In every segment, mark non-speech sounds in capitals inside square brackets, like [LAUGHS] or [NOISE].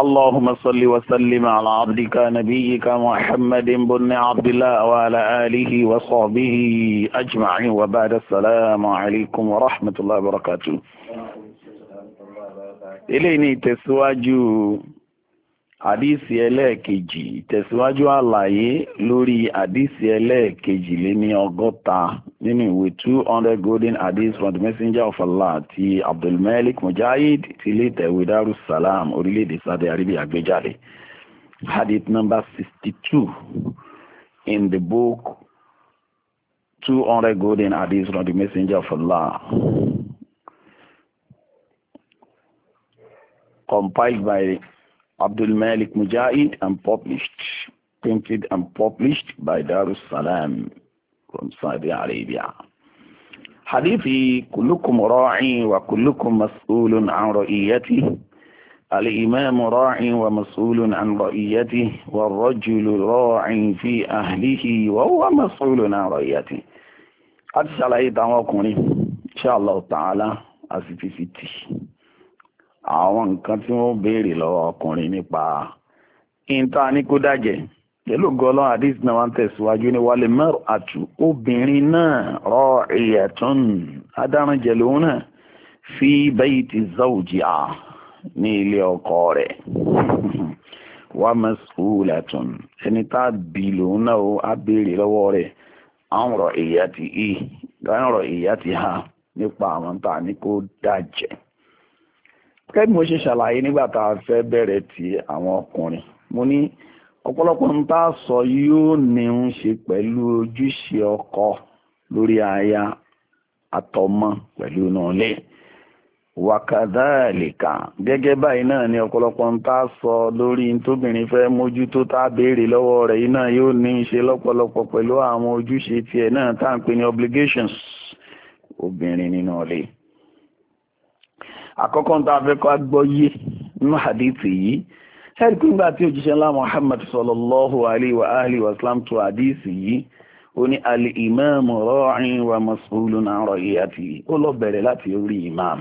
اللهم صل وسلم على عبدك نبيك محمد بن عبد الله وعلى آله وصحبه أجمعين وبعد السلام عليكم ورحمة الله وبركاته إليني تسواجو àdísì ẹlẹ́ẹ̀kejì ìtẹ̀síwájú àlàyé lórí àdísì ẹlẹ́ẹ̀kejì lé ní ọgọ́ta nínú ìwé two hundred golden hadiths from the messenger of Allah ti abdulmalik mujahid ti ilé ìtẹ̀wé darussalam orílẹ̀-èdè saudi arabia gbéjáde hadith number sixty two in the book two hundred golden hadiths from the messenger of Allah. compiled by Abdul Malik Mujahid and published, printed and published by Darussalam from Saudi Arabia. حديثي كلكم راعي وكلكم مسؤول عن رئيته الإمام راع ومسؤول عن رئيته والرجل راع في أهله وهو مسؤول عن رئيته أتسأل أيضا وكوني إن شاء الله تعالى أسفي في àwọn nǹkan tí wọ́n béèrè lọ́wọ́ ọkùnrin nípa ìta ní kó dájẹ́ pẹ̀lú gọlọ́ àdìs náà wọ́n tẹ̀síwájú ní wálé mẹ́rù àtù náà rọ ìyẹ̀tún lòun náà fi ní ilé ọkọ rẹ̀ wà ẹni tá a bì lòun náà ó ha nípa àwọn kẹ́bí mo ṣe ṣàlàyé nígbà tá a fẹ́ bẹ̀rẹ̀ ti àwọn ọkùnrin mo ní ọ̀pọ̀lọpọ̀ ń tá a sọ yóò ní ń ṣe pẹ̀lú ojúṣe ọkọ lórí aya àtọmọ pẹ̀lú inú ilé wàkàdáàlìkà gẹ́gẹ́ báyìí náà ni ọ̀pọ̀lọpọ̀ ń tá a sọ lórí tóbìnrin fẹ́ mójútó tá a béèrè lọ́wọ́ rẹ̀ yìí náà yóò ní í ṣe lọ́pọ̀lọpọ̀ pẹ̀lú àwọn ojúṣe tiẹ̀ náà tá à ń pè ní obligations obìnrin nínú ilé àkọ́kọ́ tá a fẹ́ kọ́ gbọ́ yé nínú hadithi yìí ẹ̀rí pé nígbà tí òjíṣẹ́ ńlá Muhammad sallallahu alayhi wa alihi wa sallam tó hadithi yìí ó ní al-imam ra'in wa mas'ulun an ra'iyatihi ó lọ bẹ̀rẹ̀ láti orí imam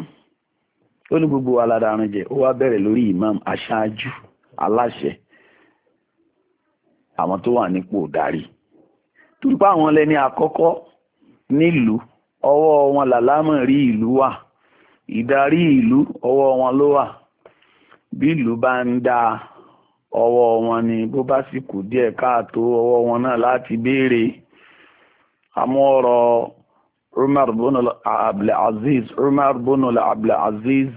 ó ní gbogbo aládàárín jẹ ó wá bẹ̀rẹ̀ lórí imam aṣáájú aláṣẹ àwọn tó wà nípò darí torípá àwọn lẹni àkọ́kọ́ nílùú ọwọ́ wọn làlámọ̀ rí ìlú wà ìdarí ìlú ọwọ́ wọn ló wà bí ìlú bá ń dáa ọwọ́ wọn ni bó bá sì kù díẹ̀ káàtó ọwọ́ wọn náà láti béèrè àmọ́ ọ̀rọ̀ umar bin abdulaziz umar bin abdulaziz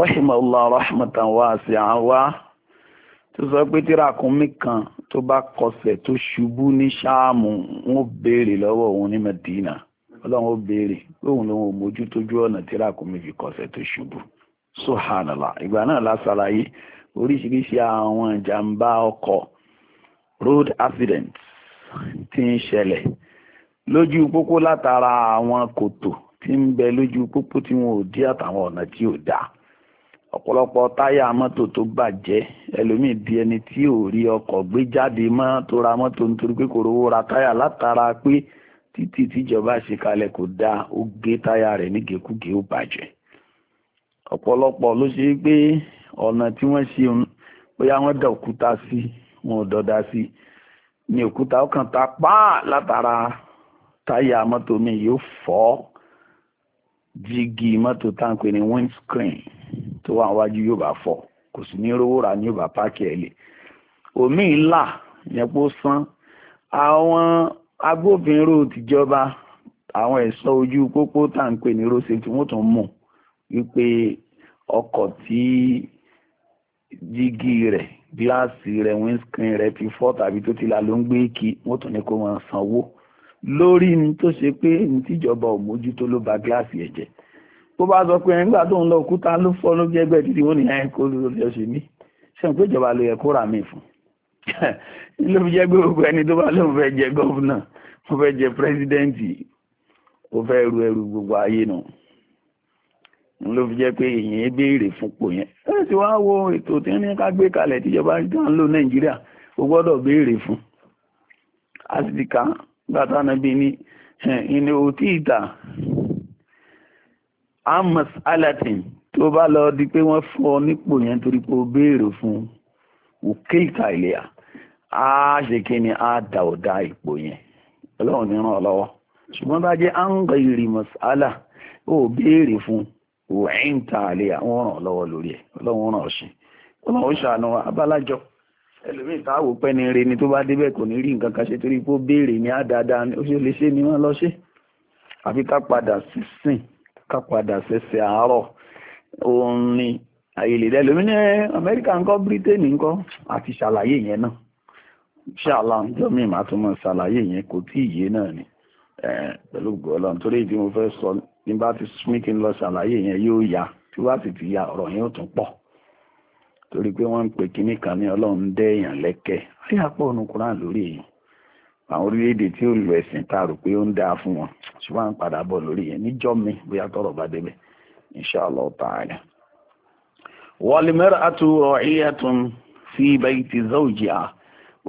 rahimahullah rahmatan wasi'a wa tó sọ pé tírakùnmí kan tó bá kọsẹ̀ tó ṣubú ní ṣáàmù wọn béèrè lọ́wọ́ òun ní madina ọlọ́run ó béèrè lóhun ló ń mójú tójú ọ̀nà tí ràkúnmí fi kọsẹ̀ tó ṣubú subhanallah ìgbà náà lásàlàyé oríṣiríṣi àwọn ìjàmbá ọkọ̀ road accidents ti ń ṣẹlẹ̀ lójú pópó látara àwọn kòtò tí ń bẹ lójú pópó tí wọn ò dí àtàwọn ọ̀nà tí ò dáa ọ̀pọ̀lọpọ̀ táyà mọ́tò tó bàjẹ́ ẹlòmíì di ẹni tí ò rí ọkọ̀ gbé jáde mọ́ tó ra mọ́tò nítorí pé kò rówó ra táyà látara pé títì tíjọba ṣe kalẹ̀ kò dáa ó gé táyà rẹ̀ nígekúge ó bàjẹ́ ọ̀pọ̀lọpọ̀ ló ṣe pé ọ̀nà tí wọ́n ṣe bóyá wọ́n dá òkúta sí wọn ò dọ̀dá sí ni òkúta ó kàn ta páà látara táyà mọ́tò mi yóò fọ́ jígì mọ́tò táǹpé ní windscreen tó wà wájú yóò bá fọ́ kò sì ní rówó rà ní yóò bá páàkì ẹ̀ lè omi ńlá yẹn pé sán àwọn agbófinró tìjọba àwọn ẹ̀ṣọ́ ojú pópó tá à ń pè ní road safety wọ́n tún mọ̀ wípé ọkọ̀ tí jígí rẹ̀ gíláàsì rẹ̀ windscreen rẹ̀ ti fọ́ tàbí tó ti la ló ń gbé kí wọ́n tún ní kó máa sanwó lórí ni tó ṣe pé ní tíjọba ò mójútó ló ba gíláàsì ẹ̀ jẹ́ bó bá sọ pé nígbà tó ń lọ òkúta ló fọ́ ló jẹ́gbẹ́ títí wọ́n ní kó ló ṣe mí ṣé n pé ìjọba ló yẹ kó rà mí fún un ló fi jẹ́ pé gbogbo ẹni tó bá lóun fẹ́ jẹ gọ́fúnà ó fẹ́ jẹ pírẹ́sídẹ́ǹtì ó fẹ́ ru ẹrù gbogbo ayé nù ló fi jẹ́ pé èyàn béèrè fúnpò yẹn ẹ sì wá wo ètò tí wọ́n ní ká gbé kalẹ̀ tíjọba tó ń lò nàìjíríà ó gbọ́dọ̀ béèrè fún asìdìkà gbàtánà bíi ní ìní òtí ìta amos alatin tó bá lọ di pé wọ́n fọ́ nípò yẹn torí pé ó béèrè fún òkè ìka ìlẹ́yà a ṣe kí ni a da yẹn ọlọ́run ní ràn lọ́wọ́ ṣùgbọ́n bá jẹ́ àǹgọ̀ ó béèrè fún wẹ̀ẹ́n ta àlè àwọn ràn lọ́wọ́ lórí ẹ̀ ọlọ́run ràn ṣe ọlọ́run ṣàánú abálájọ ẹlòmíì pẹ́ ni tó bá débẹ̀ kò ní rí torí pé ó béèrè ṣe lè ṣe ni wọ́n padà sísìn ká padà àárọ̀ ni amẹ́ríkà ńkọ́ bírítéènì ńkọ́ àti ṣàlàyé yẹn náà ṣáàlá ọjọ́ mi máa tún mọ̀ ṣàlàyé yẹn kò tí ìyé náà ni pẹ̀lú ògùn ọlọ́run torí tí mo fẹ́ sọ ní bá ti lọ ṣàlàyé yẹn yóò yá tí wá sì ti ya ọ̀rọ̀ yẹn tún pọ̀ torí pé wọ́n ń pe kan ní ọlọ́run dẹ́ èèyàn lẹ́kẹ́ ònú lórí èèyàn àwọn orílẹ̀-èdè tí ẹ̀sìn a pé ó ń fún wọn ṣùgbọ́n à ń bọ̀ lórí yẹn níjọ́ bóyá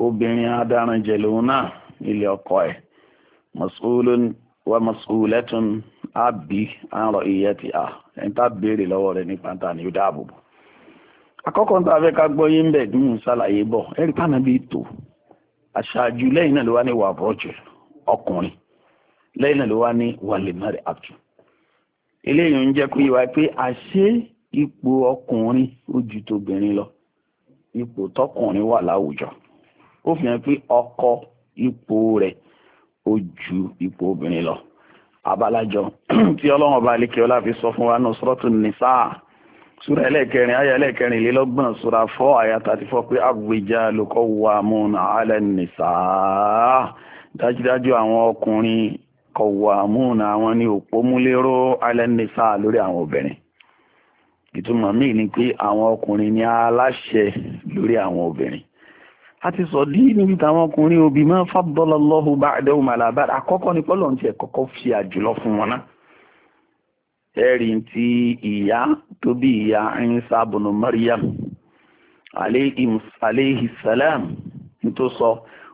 obìnrin adaranjẹ lòun náà ilé ọkọ ẹ mas'ulun àbí ti a ẹni tá béèrè lọ́wọ́ rẹ̀ nípa ta ni ó dáàbò bò akọkọ tó afẹ́ ká gbọ́ yín bẹ̀ dùn ṣàlàyé bọ̀ ẹ̀rí pàánà bíi tò aṣáájú lẹ́yìn náà ló wá ní wà bọ́ọ̀jù ọkùnrin náà ló wá ní àtù ó fi hàn pé ọkọ ipò rẹ̀ ó ju ipò obìnrin lọ abalajọ [CLEARS THROAT] tí ọlọ́run ọba alékè ọlá fi sọ fún wa náà suratul nisa súra ẹlẹ́ẹ̀kẹrin ayé ẹlẹ́ẹ̀kẹrin lé lọ́gbọ̀n súra fọ́ àyà tàti fọ́ pé ar-rijalu qawwamuna 'ala an-nisa dájúdájú àwọn ọkùnrin qawwamuna àwọn ní òpómúlérò 'ala an-nisa lórí àwọn obìnrin ìtumọ̀ míì ni pé àwọn ọkùnrin ní aláṣẹ lórí àwọn obìnrin a ti sọ dí níbi táwọn ọkùnrin obì máa Allahu ni pọ́lọ̀ ti ẹ̀kọ́kọ́ fi àjùlọ fún wọn náà ẹ̀rí ti ìyá ìyá Maryam salam tó sọ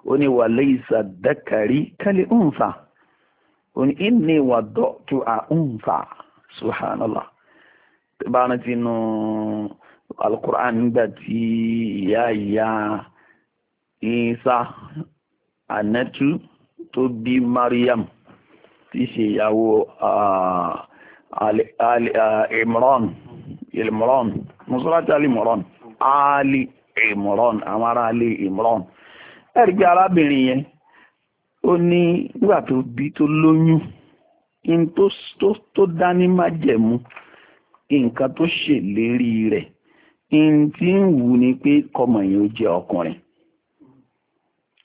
ó ní wa laysa dhakari kal-untha ó ní inni wadda'tuha untha subhanallah bá rántí nù alukur'an nígbà tí ìyá isa anetu tó bí mariam tí ṣe ìyàwó imran imran musulati alimran ali imran àwọn ali imran ẹ̀rí pé arábìnrin yẹn ó ní nígbà tó bí tó lóyún in tó dání májẹ̀mú nǹkan tó ṣèlérí rẹ̀ in tí ń wù ni pé kọmọ yẹn ó jẹ́ ọkùnrin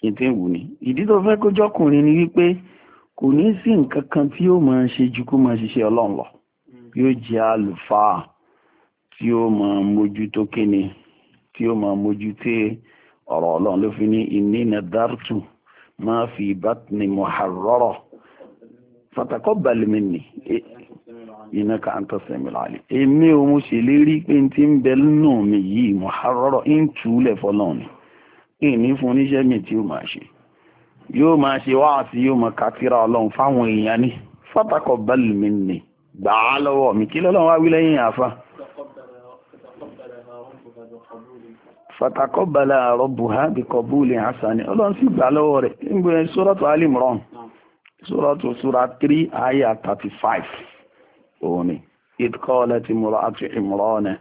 kí n tí ń wù ní ìdí tó fẹ́ kó jọkùnrin ni wípé kò ní sí nǹkan kan tí ó máa ṣe ju kó máa ṣiṣẹ́ ọlọ́run lọ mm. yóò jẹ́ àlùfáà tí ó máa mójútó kíni tí ó máa mójútó ọ̀rọ̀ ọlọ́run ló fi ní inni nadartu ma fi batni muharrara fataqabbal minni e, innaka anta samiul alim èmi ò mo ṣèlérí pé n ti ń bẹ nínú mi yìí muharrara ń túlẹ̀ fọlọ́run ni. ìní fún oníṣẹ́ mi tí ó máa ṣe yóò máa ṣe wá àti yóò máa kàtírà ọlọ́run fáwọn èèyàn ni fátakọ̀ bẹ́ẹ̀lì mi nì gbà á lọ́wọ́ mi kí lọ́lọ́run wá wí lẹ́yìn àfa. fatakọ̀ bẹ́ẹ̀lì àrọ̀ buhá bí kọ̀búlì hasani ọlọ́run sì gbà lọ́wọ́ rẹ̀ nígbà sórọ́tò alimron sórọ́tò sura three ayah thirty five òní ọ̀lẹ́tì mùrọ̀ àti ìmùrọ̀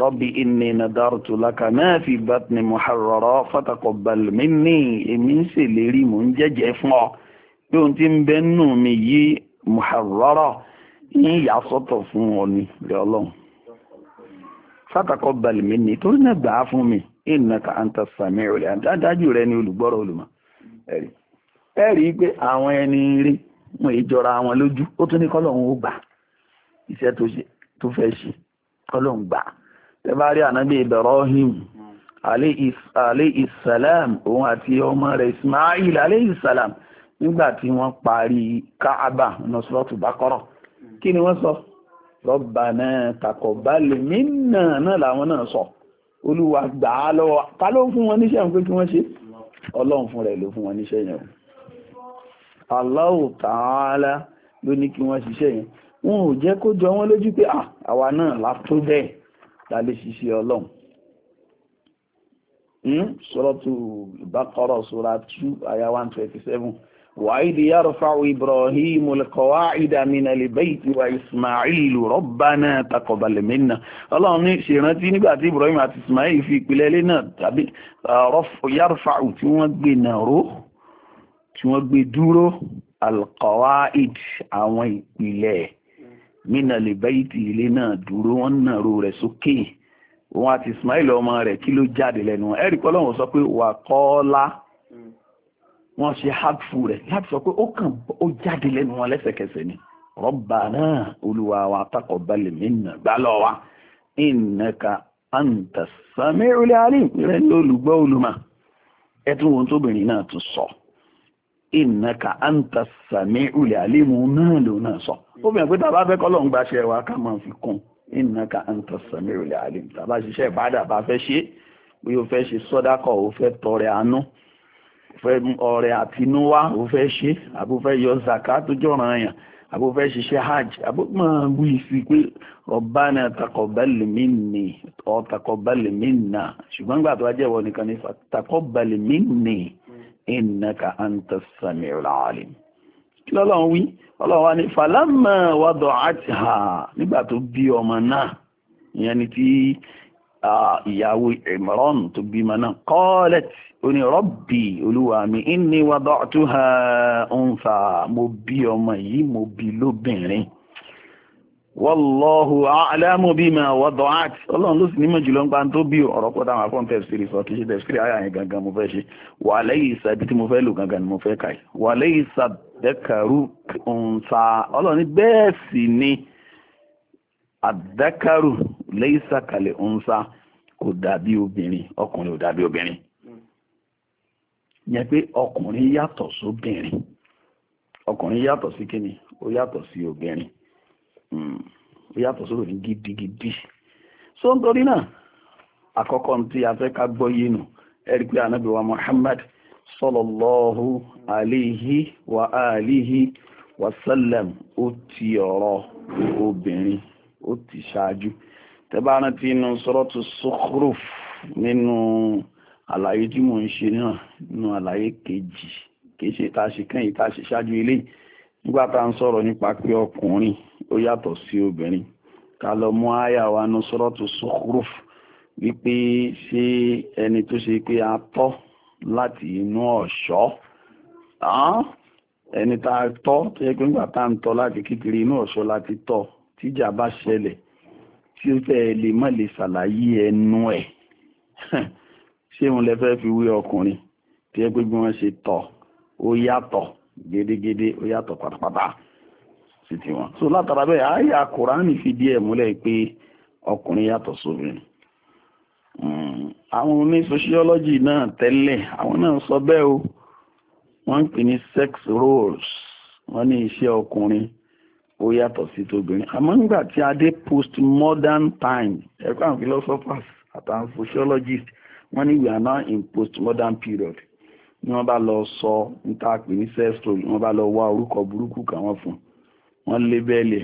rọ́bì inni nadartu laka ma fi batni muharrara fataqabbal minni emi ń ṣèlérí mò ń jẹ́jẹ́ fún ọ pé ohun tí ń bẹ nù yí muharrara ní ìyá sọ́tọ̀ fún ọ ni rẹ ọlọ́run fataqabbal minni torí mi innaka anta sami'ul ni eri tẹ́bárí ànábì Ibrahim hmm. aleyhisselam òun àti ọmọ rẹ̀ Ismail aleyhisselam nígbà wọ́n parí Káàbà nọ́sọ́tù Bákọ́rọ̀ hmm. kí ni wọ́n sọ Rabbana taqabbal minna náà làwọn náà sọ olúwa gbà á lọ́wọ́ ta ló fún wọn níṣẹ́ pé kí wọ́n ṣe ọlọ́run fún rẹ̀ ló fún wọn níṣẹ́ yẹn Allahu ta'ala ló ní kí wọ́n ṣiṣẹ́ yẹn wọn ò jẹ́ kó jọ wọ́n lójú pé ah, àwa náà látó bẹ́ẹ̀ ta lè ṣiṣẹ́ ọlọ́run hmm? sọ́rọ́tù Baqara sura two aya one twenty seven وإذ يرفع إبراهيم القواعد من البيت وإسماعيل ربنا تقبل منا الله ní ṣèrántí nígbà tí Ibrahim àti Ismail fi ìpìlẹ̀ ilé náà tàbí يرفع uh, tí wọ́n gbé nàró tí wọ́n gbé dúró القواعد àwọn ìpìlẹ̀ mina lè bá ìtì ilé náà dúró wọ́n nàró rẹ̀ sókè wọn àti Ismail ọmọ rẹ̀ kí ló jáde lẹ́nu wọn ẹ̀rí pọ́lọ́wọ́n sọ pé wà kọ́ọ́lá hmm. wọ́n ṣe hàtfù rẹ̀ láti sọ pé ó kàn ó jáde lẹ́nu wọn lẹ́sẹ̀kẹsẹ̀ ni Rabbana olúwa wa taqabbal minna gbá lọ wa innaka anta sami'ul alim rẹ̀ ní olùgbọ́ olùmọ̀ ẹ̀tún wọn tóbìnrin náà tún sọ. So ìnàkà àǹtà sàmì ulẹ̀ àlímù náà ló náà sọ ó bẹ̀rẹ̀ pé tàbá fẹ́ kọ́lọ̀ ń gbaṣẹ́ wa ká máa fi kún ìnàkà àǹtà sàmì ulẹ̀ àlímù tàbá ṣiṣẹ́ ìbádà bá fẹ́ ṣe bí o fẹ́ ṣe sọ́dákọ̀ o fẹ́ tọrẹ àánú fẹ́ ọrẹ àtinúwá o fẹ́ ṣe àbò fẹ́ yọ zaka tó jọ̀ràn àyàn àbò fẹ́ ṣiṣẹ́ hajj àbò máa wí sí pé ọ̀bánà takọ̀bálì minni ọ̀ takọ̀bálì minna ṣùgbọ́n gbà tó wá jẹ́wọ́ nìkan ní takọ̀bálì minni innaka anta sami'ul alim kí lọ́lọ́run wí ọlọ́run wá ní falamma wada'atha nígbà tó bí ọmọ náà ìyẹn ni tí ìyàwó Imran tó bímọ náà qalat ó ní olúwa mi inni wada'tuha untha mo bí ọmọ yìí mo bí lóbìnrin wallahu a'lamu bima wada'at ọlọ́run ló sì nímọ̀ ń tó bí ọ̀rọ̀ pọ̀ táwọn afọ́n tẹ̀síìrì sọ ṣe tẹ̀síìrì àyà yẹn gangan mo fẹ́ ṣe tí mo ni mo kàì ǹsà ọlọ́run bẹ́ẹ̀ sì ni àdẹ́kàrú laysa kàlẹ̀ ǹsà kò dàbí Hmm. ó yàtọ̀ sórí ní gidigidi so nítorí náà àkọ́kọ́ tí a fẹ́ ká gbọ́ yìí nù ẹ̀rí pé ànábì wa Muhammad sallallahu alayhi wa alihi wa sallam ó ti ọ̀rọ̀ obìnrin ó ti ṣáájú tẹ́bá rántí inú suratu Zukhruf nínú àlàyé tí mò ń ṣe náà nínú àlàyé kejì kìí ṣe tá a ṣe kẹ́yìn tá a ṣe ṣáájú ilé nígbà tá a ń sọ̀rọ̀ nípa pé ọkùnrin ó yàtọ̀ sí obìnrin ká lọ mú àyà wa nu suratu Zukhruf wípé ṣé ẹni tó ṣe pé a tọ́ láti inú ọ̀ṣọ́ ẹni tá a tọ́ tó yẹ pé nígbà tá à ń tọ́ láti kékeré inú ọ̀ṣọ́ láti tọ́ tíjà bá ṣẹlẹ̀ tí ó fẹ́ lè má lè ṣàlàyé ẹnu ẹ̀ [LAUGHS] ṣé òun lè fẹ́ fi wé ọkùnrin tí yẹ pé bí wọ́n ṣe tọ́ ó yàtọ̀ gédégédé ó yàtọ̀ pátápátá sí tiwọn so látara bẹ́ẹ̀ àyà kùránì fìdí ẹ̀ múlẹ̀ pé ọkùnrin yàtọ̀ sóbìnrin hmm, àwọn oní sociology náà tẹ́lẹ̀ àwọn náà sọ bẹ́ẹ̀ o wọ́n ń pè ní sex roles wọ́n ní iṣẹ́ ọkùnrin ó yàtọ̀ sí tóbìnrin àmọ́ nígbà tí a dé postmodern time ẹ̀kọ́ àwọn philosophers àtàwọn sociologists wọ́n ní we are now in post modern period ni wọ́n bá lọ sọ níta pè ní sex roles, wọ́n bá lọ wá orúkọ burúkú kan fún un wọ́n lébẹ́lì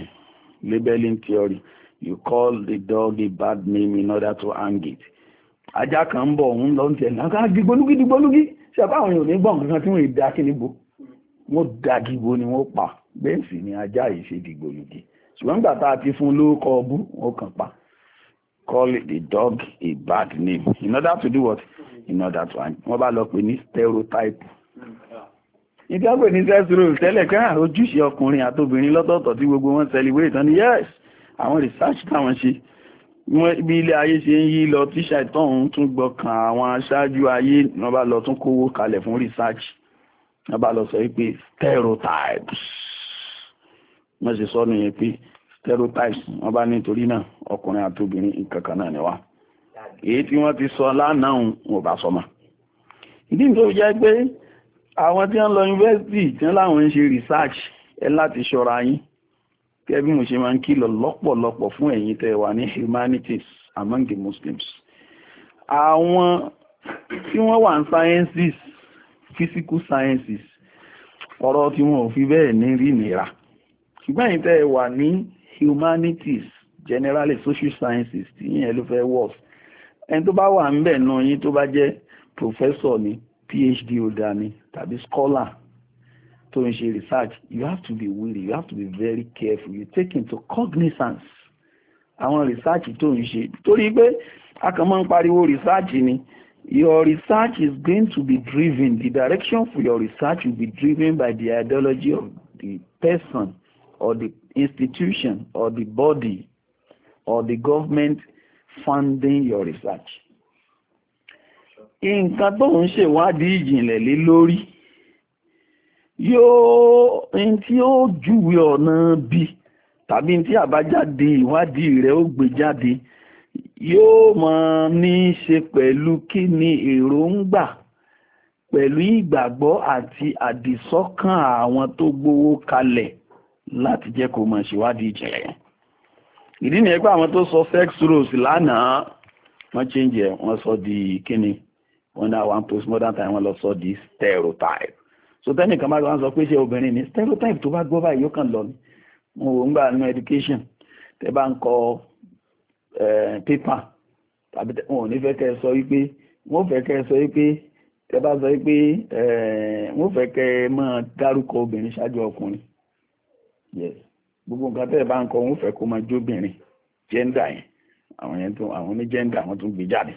labeling theory you call the dog a bad name in order to hang it ajá kan ń bọ̀ òun lọ ń tẹ̀ náà ká dìgbòlúgí dìgbòlúgí ṣe àbá àwọn èèyàn ní gbọ̀n kankan tí wọ́n ìdá kí níbo wọ́n da gígbó ni wọ́n pa bẹ́ẹ̀ sì ni ajá yìí ṣe dìgbòlúgí ṣùgbọ́n nígbà tá a ti fún lóókọ ọbú wọ́n kàn pa call the dog a bad name in order to do what in order to hang wọ́n bá lọ pè ní stereotype ìdágbè ní sex role tẹ́lẹ̀ kẹ́hàn ah, ojúṣe ọkùnrin àtobìnrin lọ́tọ̀ọ̀tọ̀ tí gbogbo wọn celebrate tán ni yes àwọn research táwọn ṣe bí ilé ayé ṣe ń yí lọ tíṣà ìtọ́hún tún gbọ́kàn àwọn aṣáájú ayé wọn bá lọ tún kówó kalẹ̀ fún research wọn bá lọ sọ pé stereotypes wọn ṣe sọ nìyẹn pé stereotypes wọn bá nítorí náà ọkùnrin àtobìnrin nǹkan kan náà ni wá èyí tí wọ́n ti sọ lánàá wọn ò bá sọ mọ́ ìdí nítorí jẹ́ pé àwọn tí wọ́n lọ yunifásitì tí wọ́n láwọn ń ṣe research ẹ láti ṣọ́ra yín gẹ́gẹ́ bí mo ṣe máa ń kìlọ̀ lọ́pọ̀lọpọ̀ fún ẹ̀yin tẹ́ wà ní humanities among the Muslims àwọn tí wọ́n wà ní sciences physical sciences ọ̀rọ̀ tí wọn ò fi bẹ́ẹ̀ ní rí nira ṣùgbọ́n ẹ̀yin tẹ́ wà ní humanities generally social sciences tí yẹn ló fẹ́ work ẹni tó bá wà ń bẹ̀ náà yín tó bá jẹ́ professor ni PhD holder ni tàbí scholar tó ń ṣe research you have to be wary you have to be very careful you take into cognizance àwọn research tó ń ṣe torí pé a kàn máa ń pariwo research ni your research is going to be driven the direction for your research will be driven by the ideology of the person or the institution or the body or the government funding your research. nǹkan tó ń ṣèwádìí ìjìnlẹ̀ lé lórí yóò n tí ó júwe ọ̀nà bí tàbí tí àbájáde ìwádìí rẹ̀ ó gbé jáde yóò máa ní í ṣe pẹ̀lú kí ni èròǹgbà pẹ̀lú ìgbàgbọ́ àti àdìsọ́kàn àwọn tó gbowó kalẹ̀ láti jẹ́ kó mọ̀ ṣèwádìí ìjìnlẹ̀ yẹn ìdí nìyẹn pé àwọn tó sọ sex rules lánàá wọ́n change ẹ̀ wọ́n sọ di kíni wọ́n dá one postmodern time wọ́n lọ sọ di stereotype so tẹ́nìkan máa wọ́n sọ pé ṣé obìnrin ni stereotype tó bá gbọ́ báyìí yóò kàn lọ ni mo wò ń nínú education tẹ́ bá ń kọ pépà tàbí wọn ò ní fẹ́ kẹ́ ẹ sọ wípé wọ́n fẹ́ kẹ́ ẹ sọ wípé tẹ́ bá sọ wípé wọ́n fẹ́ kẹ́ ẹ máa dárúkọ obìnrin ṣáájú ọkùnrin yes gbogbo nǹkan tẹ́ ẹ bá ń kọ wọ́n fẹ́ kó máa jóbìnrin gender yẹn àwọn yẹn tún àwọn oní wọ́n tún gbé jáde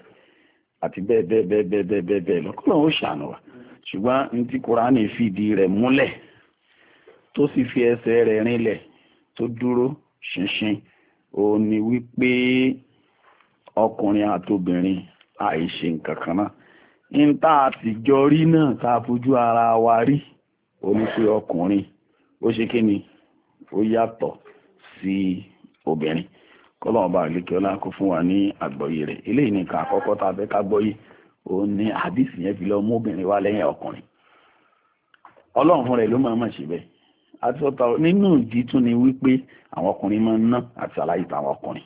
àti bẹ́ẹ̀ bẹ́ẹ̀ bẹ́ẹ̀ bẹ́ẹ̀ bẹ́ẹ̀ bẹ́ẹ̀ bẹ́ẹ̀ lọ́kùnrin ó ṣàánú wa ṣùgbọ́n ní ti kuraani fìdí rẹ̀ múlẹ̀ tó sì fi ẹsẹ̀ rẹ̀ rinlẹ̀ tó dúró ṣinṣin ó ní wípé ọkùnrin àtobìnrin àìṣe nǹkan kan náà ń tá a ti jọ rí náà tá a fojú ara wa rí ó ọkùnrin ó ṣe kí ni ó yàtọ̀ sí obìnrin kọ́lọ́wọ́n bá àlékè ọlá kó fún wa ní àgbọ́yé rẹ̀ eléyìí nìkan àkọ́kọ́ tá a fẹ́ ká gbọ́yé òun ní àdìsí yẹn fi lọ mú obìnrin wá lẹ́yìn ọkùnrin ọlọ́run fún rẹ̀ ló máa ma ṣe bẹ́ẹ̀ àtọ́ta nínú ìdí tún ni wípé àwọn ọkùnrin máa ń ná àti àlàyé tàwọn ọkùnrin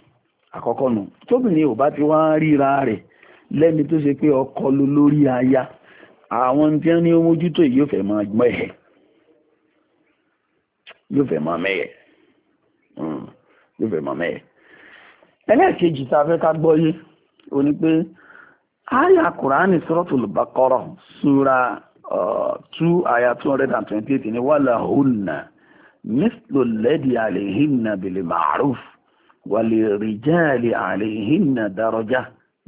àkọ́kọ́ nu tóbìnrin ò bá ti wá ríra rẹ̀ lẹ́ni tó ṣe pé ọkọ ló lórí aya àwọn tí wọ́n ní mójútó yìí yóò fẹ́ máa mẹ́hẹ̀ yóò fẹ́ máa mẹ́hẹ̀ hmm, yóò fẹ́ máa mẹ́hẹ̀ ẹlẹ́ẹ̀kejì tá a fẹ́ ká gbọ́yé o ní pé aya kùránì suratul Baqara sura uh, two aya two hundred and twenty eight ni walahunna mithlu alladhi alayhinna bil ma'ruf walirijali alayhinna daraja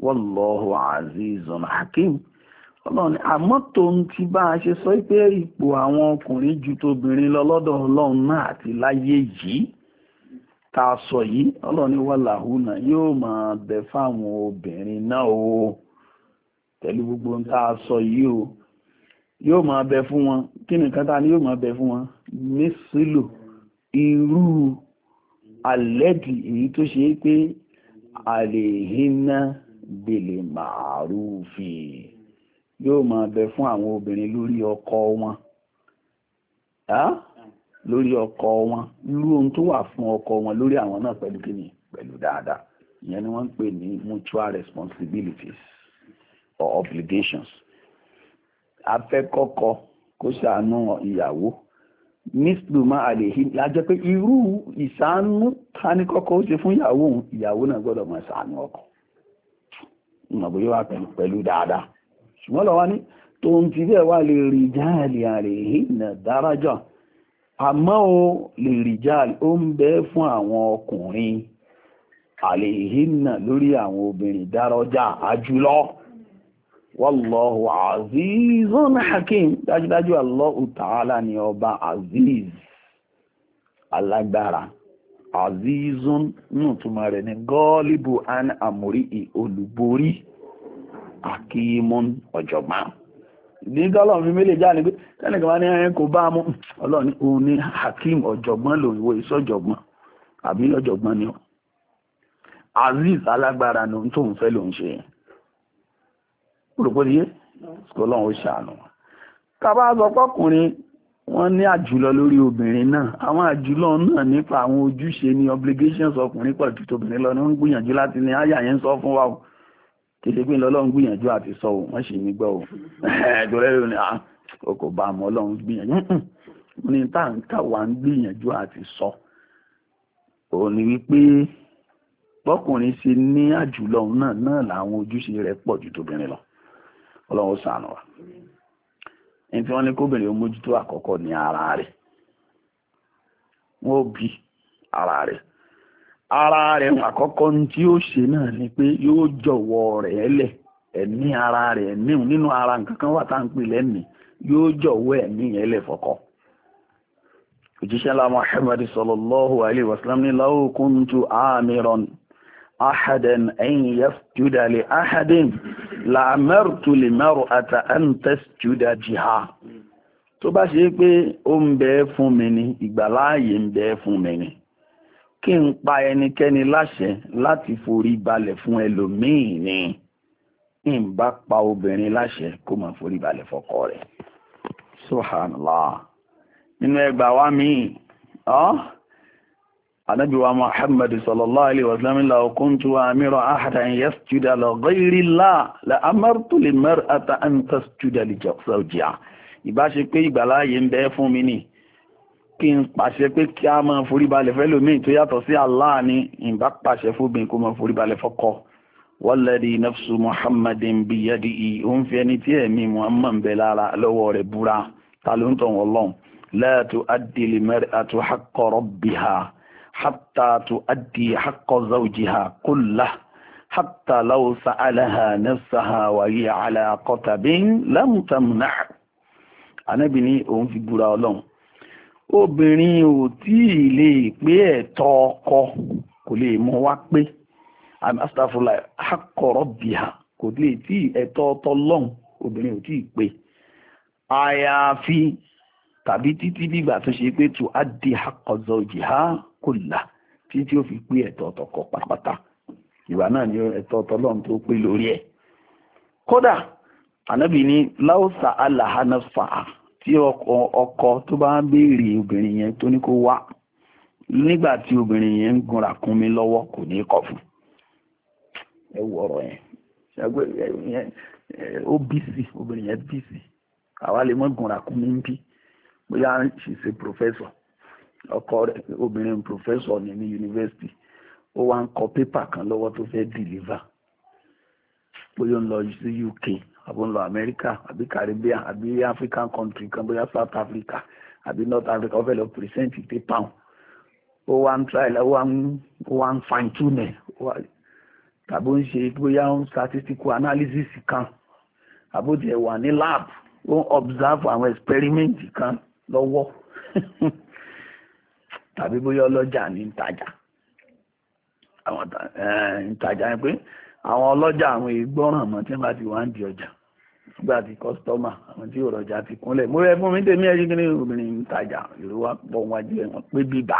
wallahu azizun hakim ọlọ́run àmọ́ tòun ti bá a ṣe sọ pé ipò àwọn ọkùnrin ju tobìnrin lọ lọ́dọ̀ ọlọ́run náà àti láyé yìí tá a sọ yìí ọlọ́ni wà làhùnà yóò máa bẹ fáwọn obìnrin náà o pẹ̀lú gbogbo tá a sọ yìí o yóò máa bẹ fún wọn kí nìkan tá a ní yóò máa bẹ fún wọn mísìlò irú àlẹ́dì èyí tó ṣe é pé àlèhínà bèlè màrúfì yóò máa bẹ fún àwọn obìnrin lórí ọkọ wọn. Ah? lórí ọkọ wọn irú ohun tó wà fún ọkọ wọn lórí àwọn náà pẹ̀lú kíni pẹ̀lú dáadáa ìyẹn ni wọ́n ń pè ní mutual responsibilities or obligations afẹ́kọ́kọ́ kó ṣàánú ìyàwó nísìlùmọ́ àlèhí lájẹ́ pé irú ìṣàánú tánikọ́kọ́ ó ṣe fún ìyàwó òun ìyàwó náà gbọ́dọ̀ mọ̀ ṣàánú ọkọ ìmọ̀ bóyá wà pẹ̀lú pẹ̀lú dáadáa ṣùgbọ́n lọ́wọ́ ní tòun ti bẹ́ẹ̀ wà lè rí jáàlì àlèhí náà dáràjọ́ àmọ́ o lè rìjáàlì ó ń bẹ fún àwọn ọkùnrin àlèhínà lórí àwọn obìnrin dárọjà àjùlọ wallahu azizun hakim dájúdájú Allahu ta'ala ni ọba aziz alágbára azizun nù túnmọ̀ rẹ̀ ní gọ́ọ̀lìbù an amúrí olùborí akimun ọ̀jọ̀gbọ́n ìdígọ́lọ̀ fi mílè já ní pé tẹ́nìkan wá ní ẹ̀yẹn kò bá mú ọlọ́run òun ni hakeem ọ̀jọ̀gbọ́n lòun ìwé ìsọ̀jọ̀gbọ́n àbí ọ̀jọ̀gbọ́n ni aziz alágbára ni ohun tóun fẹ́ lòun ṣe yẹn rògbòdìyẹ ọlọ́run ó ṣàánú tàbá sọ pọ́kùnrin wọ́n ní àjùlọ lórí obìnrin náà àwọn àjùlọ náà nípa àwọn ojúṣe ni obligations ọkùnrin pọ̀ ju tobìnrin lọ ni wọ́n ń gbìyànjú láti ní àyà yẹn sọ fún wa o kìí pé lọ́lọ́run gbìyànjú àti sọ ò wọ́n sì ní gbọ́ ò ẹ̀ẹ́dọ̀rẹ́ ni o kò bá mọ́ ọlọ́run gbìyànjú ní táǹkà wà ń gbìyànjú àti sọ ò ní wípé bọ́kùnrin ṣe ní àjùlọ náà náà làwọn ojúṣe rẹ̀ pọ̀ ju tóbìnrin lọ ọlọ́run ṣàánú wa ẹni tí wọ́n ní kóbìnrin ó mójútó àkọ́kọ́ ní ara rẹ̀ wọ́n bí ara rẹ̀ ara rẹ̀ àkọ́kọ́ tí ó ṣe náà ni pé yóò jọ̀wọ́ rẹ̀ lẹ̀ ẹ̀mí ara rẹ̀ ẹ̀mí nínú ara nǹkan kan wà tá à ń pè lẹ́mìí yóò jọ̀wọ́ ẹ̀mí yẹn lẹ̀ fọ́kọ. òjíṣẹ́ la Muhammad sallallahu alayhi wa sallam ní law kuntu amiran ahadan an yasjuda li ahadin la amartu li mar'ata an tasjuda jiha tó bá ṣe pé ó ń bẹ fún mi ni ìgbàláàyè ń bẹ fún mi ni kí n pa ẹnikẹ́ni láṣẹ láti forí balẹ̀ fún ẹlòmíì ni n bá pa obìnrin láṣẹ kó máa forí balẹ̀ fọkọ rẹ̀ subhanallah nínú ẹgbà wa míì anabi wa muhammad sallallahu alaihi wasallam la kuntu amira ahada an yasjuda li ghayri allah la amartu lil mar'ata an tasjuda li zawjiha ìbá ṣe pé ìgbàláyé ń bẹ fún mi ni kí n pàṣẹ pé kí a máa foríbalẹ̀ fẹ́ lómi tó yàtọ̀ sí Allah ni ìbá pàṣẹ fóbin kó máa foríbalẹ̀ fọ́kọ walladhi nafsu muhammadin biyadihi òun fi ẹni tí ẹ̀mí muhammad bẹ̀ lára lọ́wọ́ rẹ̀ búra ta ló ń tàn wọ́n lọ́n la tu'addi al-mar'atu haqqa rabbiha hatta tu'addi haqqa zawjiha kullah hatta law sa'alaha nafsaha wa hiya ala qatabin lam tamna' ànábì ní òun fi búra ọlọ́run obìnrin ò tí ì lè pé ẹ̀tọ́ ọkọ kò lè mọ wá pé astafula akọ̀rọ̀ bìhà kò lè tí ẹ̀tọ́ tọlọ́hun obìnrin ò tí ì pé àyàfi tàbí títí dìgbà tó ṣe pé tù á di akọ̀zọ̀ jìhá kò là títí ó fi pé ẹ̀tọ́ tọkọ pátápátá ìwà náà ni ẹ̀tọ́ tó pé lórí ẹ̀ kódà ní láwùsà aláhánà fàá tí ọkọ tó bá ń béèrè obìnrin yẹn tó ní kó wá nígbà tí obìnrin yẹn ń gun ràkúnmí lọ́wọ́ kò ní kọ̀ fún ẹ wọ ọ̀rọ̀ yẹn ṣàgbé yẹn ó bísì obìnrin yẹn bísì àwa lè mọ gun ràkúnmí ń bí bóyá ṣì ṣe professor ọkọ rẹ obìnrin professor ní ní yunifásitì ó wá ń kọ pépà kan lọ́wọ́ tó fẹ́ deliver bóyá ń lọ sí UK àbò ń lọ amẹ́ríkà àbí caribbean àbí african country kan bóyá south africa àbí north africa ó fẹ́ lọ present ìpè pound ó wá ń try ó wá ń ó wá ń fine tune ẹ̀ tàbí ó ń ṣe bóyá ó ń statistical analysis kan àbójẹ wà ní lab ó ń observe àwọn experiment kan lọ́wọ́ [LAUGHS] tàbí bóyá ọlọ́jà ní ìtajà àwọn ìtajà yẹn pé àwọn ọlọ́jà àwọn ìgbọ́ràn mọ́ tí wọ́n bá ti wá ń di ọjà nígbà tí kọ́sítọ́mà àwọn tí ò rọjà ti kúnlẹ̀ mo rẹ fún mi tèmi ẹ ṣíkiri obìnrin ń tajà èrò wa pọ̀ wájú ẹ̀ wọ́n pé bíbà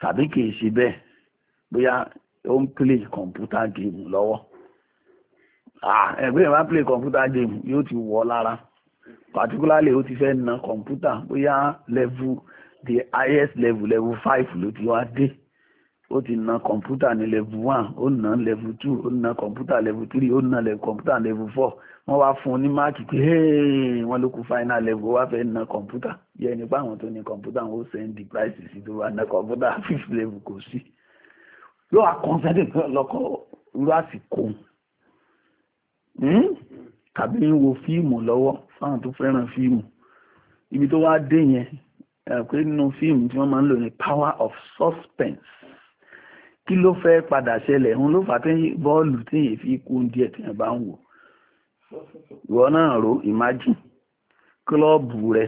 tàbí kì í ṣe bẹ́ẹ̀ bóyá ó ń play computer game lọ́wọ́ ẹgbẹ́ ìwà play computer game yóò ti wọ̀ lára particularly ó ti fẹ́ na computer bóyá level the highest level level five ló ti wá dé ó ti na kọ̀ǹpútà ní level one ó na level two ó na kọ̀ǹpútà level three ó na kọ̀ǹpútà level four wọ́n wá fún un ní máàkì pé wọ́n ló kú final level wá fẹ́ na kọ̀ǹpútà yẹ nípa àwọn tó ní kọ̀ǹpútà wọn send the price sí tó wà na kọ̀ǹpútà [LAUGHS] fifth level kò sí yóò àkọ́ńsẹ́dì lọ́kọ̀ irú àsìkò hmm? tàbí ń wo fíìmù lọ́wọ́ fáwọn tó fẹ́ràn fíìmù ibi tó wá dé yẹn pé nínú fíìmù tí wọ́n máa ń lò ní power of suspense kí ló fẹ́ padà ṣẹlẹ̀ òun ló fà tí bọ́ọ̀lù tí yìí fi kú díẹ̀ tí wọ́n bá ń wò ìwọ náà ro imagine klọ́ọ̀bù rẹ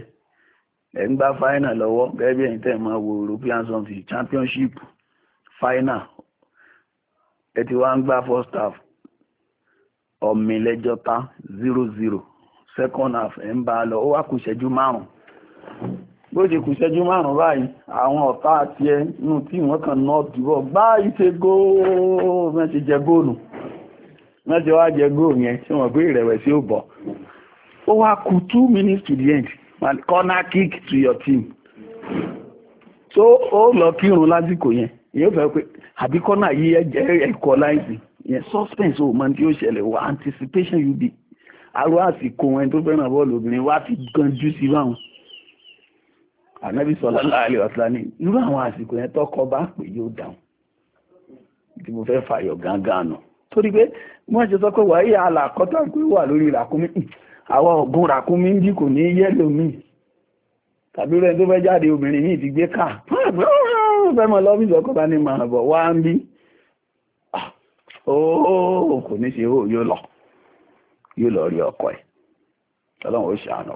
ẹ̀ ń gbá fáínà lọ́wọ́ gẹ́gẹ́ bí ẹ̀yin tẹ̀ wo European something championship final ẹ ti wá ń gbá first half ọ̀mìnlẹ́jọ́ta zero zero second half ẹ̀ ń bá a lọ ó wá kù ìṣẹ́jú márùn-ún bó ṣe kù ṣẹ́jú márùn-ún báyìí àwọn ọ̀tá àti ẹnu tí wọ́n kàn náà dúró báyìí ṣe góòlù wọ́n ti jẹ góòlù wọ́n ti wá jẹ góòlù yẹn tí wọ́n gbé ìrẹ̀wẹ̀sì ò bọ̀ ó wá kù two minutes to the end corner kick to your team so ó lọ kírun lásìkò yẹn èyí fẹ́ pé àbí kọ́nà yìí ẹ̀kọ́ láìsí yẹn suspense ò mọ tí ó ṣẹlẹ̀ wá anticipation you be àrò àsìkò ẹni tó fẹ́ràn bọ́ọ̀lù obìnrin wá ti ganjú sí báwọn ànábì sallallahu alaihi wasallam ní irú àwọn àsìkò yẹn tọ́kọ bá pè yóò dáhùn tí mo fẹ́ fàyọ̀ gángan nù torí pé wọ́n ṣe sọ pé wàá yà á là kọ́tà pé wà lórí ràkúnmí àwọn ọ̀gbọ́n ràkúnmí ń bí kò ní yẹ́lò míì tàbí rẹ̀ tó fẹ́ jáde obìnrin yìí ti gbé ká fẹ́ mọ́ lọ́bí ìjọkọ́ bá ní máa bọ̀ wá ń bí ooo kò ní ṣe ó yóò lọ yóò lọ rí ọkọ ẹ̀ ọlọ́run ó ṣàánú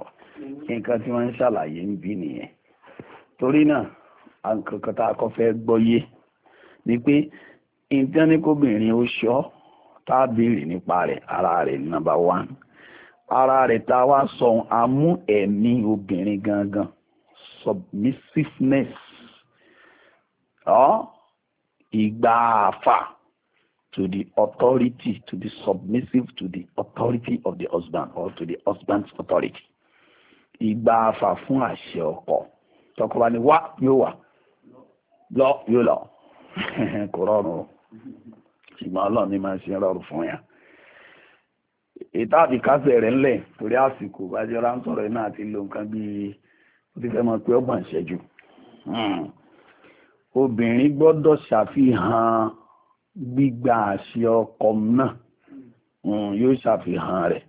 nǹkan tí wọ́n ń ṣàlàyé ń bí nìyẹn torí náà àǹkankan tá a kọ́ fẹ́ gbọ́yé ni pé nǹkan ní kóbìnrin ó ṣọ́ tá a béèrè nípa rẹ̀ ara rẹ̀ nọ́mbà one ara rẹ̀ tá a wá sọ a mú obìnrin gangan submissiveness ọ́ ìgbà àfà to the authority to be submissive to the authority of the husband or to the husband's authority ìgbà àfà fún àṣẹ ọkọ tọkọ bá ní wá yóò wà lọ yóò lọ [LAUGHS] kò rọrùn o ṣùgbọ́n ọlọ́run ní máa ṣe rọrùn fún yàn ìta àti kásẹ̀ rẹ̀ ńlẹ̀ torí àsìkò bá jẹ́ ráńsọ̀rọ̀ iná àti lo nǹkan bí ó ti fẹ́ mọ̀ pé ọgbọ̀n ìṣẹ́jú hmm. obìnrin gbọ́dọ̀ ṣàfihàn gbígba àṣẹ ọkọ náà hmm, yóò ṣàfihàn rẹ̀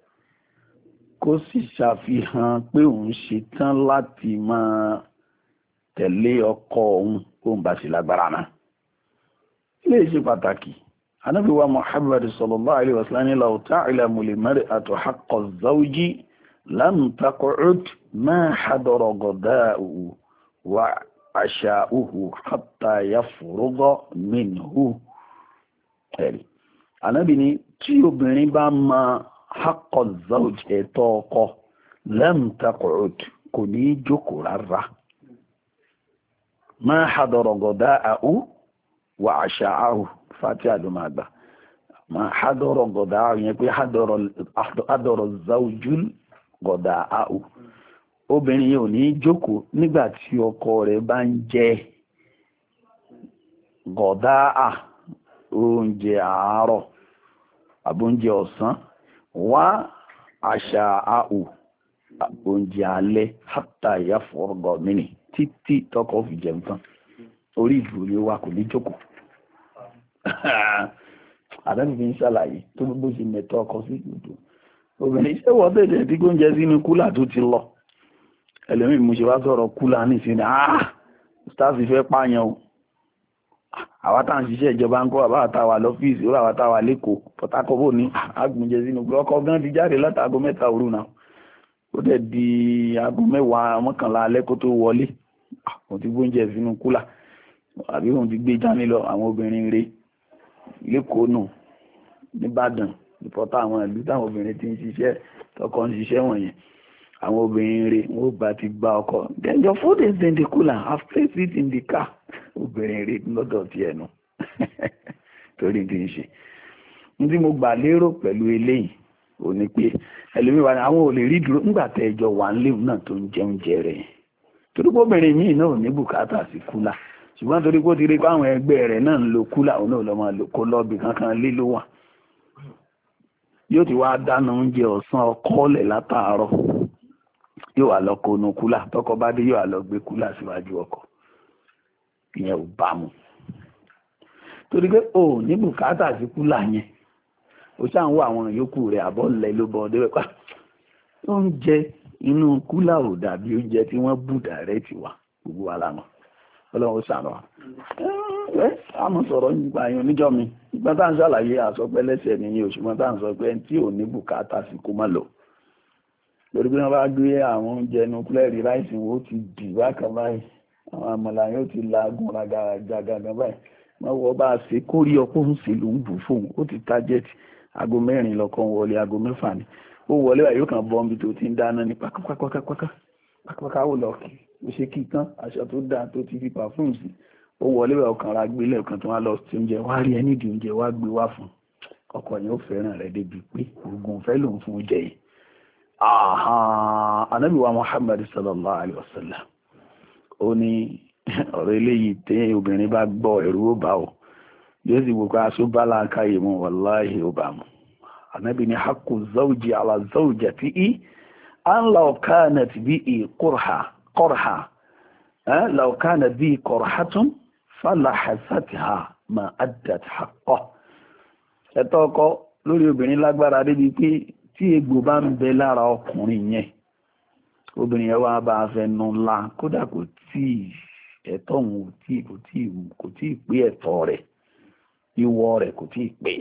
kó sì ṣàfihàn pé òun ṣetán láti máa tẹ̀lé ọkọ òun kó ń bá sí lágbára náà ilé iṣẹ́ pàtàkì anábíwá muhammad sallallahu alaihi wasallam ní law ta'lamu al-mar'atu haqqa az-zawji lam taq'ud ma hadara ghada'uhu wa 'asha'uhu hatta yafrugha minhu ẹ̀rí anábì ni tí obìnrin bá ma haqqa az ẹ̀tọ́ ọkọ lam taq'ud kò ní jókòó rárá Ma hadọrọ àhú wà wa àhù fatia ló máa gbà ma hadọ̀rọ̀ gọ̀dá àhù yẹn pé hadọ̀rọ̀ záwùjú obìnrin yẹn ò ní jókòó nígbà tí ọkọ rẹ̀ bá ń jẹ gọ̀dá à oúnjẹ àárọ̀ àbóúnjẹ ọ̀sán wá àṣà hátà títí tọkọ fi jẹun tán orí ìdúró ni ó wà kò ní jókòó [LAUGHS] àdáni fi ń ṣàlàyé tó bó ṣe mẹ́tọ́ ọkọ sí ìdúró obìnrin ṣé wọ́n tẹ̀lé tí kò ń jẹ sínú kúlà tó ti lọ ẹlẹ́mìí mo ṣe wá sọ̀rọ̀ kúlà nísìnyí ah staff fẹ́ pààyàn o àwa tá à ń ṣiṣẹ́ ìjọba ń kọ́ àbá àtàwà lọ́fíìsì ó àwa táwà lẹ́kọ̀ọ́ Port Harcourt ní agbóúnjẹ ah, sínú pé ọkọ̀ gan ti jáde látago mẹ́ta òru náà ó dẹ̀ di aago mẹ́wàá mọ́kànlá alẹ́ kó tó wọlé òun ah, ti gbóúnjẹ sínú kúlà àbí òun ti gbé jáde lọ àwọn obìnrin rẹ̀ lẹ́kọ̀ọ́ nù nìbàdàn ìfọ́tà àwọn ìlú táwọn obìnrin ti ń ṣiṣẹ́ tọkọ ń ṣiṣẹ́ wọ̀nyẹn àwọn obìnrin rẹ̀ wọn ò bá ti gba ọkọ then your food is in the cooler I've placed it in the car obìnrin rẹ̀ lọ́dọ̀ tiẹ̀ nù [LAUGHS] torí ti ń ṣe tí mo gbà lérò pẹ̀lú eléyìí ò ní pé ẹlòmíràn àwọn ò lè rí dúró nígbà tẹ́ ẹjọ́ wà ń léwu náà tó ń jẹun jẹ yẹn torípóbìnrin míì náà ní bùkátà sí kúlà ṣùgbọ́n torí kó ti rí pé àwọn ẹgbẹ́ rẹ̀ náà ń lo kúlà òun náà lọ máa lò kó lọ́ọ̀bì kankan lé ló wà yóò ti wá dáná oúnjẹ ọ̀sán ọkọ́lẹ̀ látàárọ̀ yóò wá lọ kónú kúlà tọkọ bá dé yóò wá lọ gbé kúlà síwájú ọkọ ìyẹn ò bá mu torí pé o ní bùkátà sí kúlà yẹn o ṣáà àwọn yòókù rẹ̀ àbọ̀ ńlẹ̀ ló bọ̀ ọdẹ rẹ̀ pa oúnjẹ inú kúlà ò dàbí oúnjẹ tí wọ́n bù dàrẹ́tì wa gbogbo wa lànà ọlọ́run ó sànà wa. ẹ àmọ́ sọ̀rọ̀ nípa àyàn níjọ́ mi ìgbà tá à ń ṣàlàyé àsọpẹ́ lẹ́sẹ̀ nìyẹn òṣùwọ̀n tá à ń sọ pé tí ò ní bùkátà sí kó má lọ lórí pé wọ́n bá gbé àwọn oúnjẹ nukulẹ́ẹ̀rì ráìsì wo ti dì bákan báyìí àwọn àmàlà yóò ti laagun ragàgàgà báyìí wọ́n wọ́ bá a ṣe kórìí ọpọ́ ń ṣe ló ń bù fóun ó ti tájẹ́tì aago mẹ́rin lọ́kàn wọlé aago mẹ́fà ni ó wọlé wà yóò kàn bọ́m̀bì tó ti ń dáná ní pákápákápáká pákápáká ó lọ kí ó ṣe kí tán aṣọ tó dáa tó ti fi pàfúùn sí ó wọlé wà ọkàn ra gbélé ọkàn tó wá lọ sí oúnjẹ wá rí ẹni ìdí oúnjẹ wá gbé wá fún ọkọ yẹn ó fẹ́ràn rẹ̀ débi pé oògùn fẹ́ lòun fún oúnjẹ yìí anabi wa Muhammad sallallahu alayhi wa sallam ó ní ọ̀rọ̀ eléyìí tẹ́ obìnrin bá gbọ́ ẹ̀rú ó bá o yóò sì wò pé aṣọ bá láǹkà yìí mú wàláhì ó bá mu ànábì ní hakku zawji ala zawjatihi an law kanat bihi qurha qurha law kanat bihi qurhatun falahasatha ma addat haqqahu ẹ̀tọ́ ọkọ lórí obìnrin lágbára débi pé tí egbò bá ń bẹ lára ọkùnrin yẹn obìnrin yẹn wá bá a fẹnu ńlá kódà kò tí ẹ̀tọ́ òun kò tí ì pé ẹ̀tọ́ rẹ̀ ìwọ rẹ̀ kò tí ì pé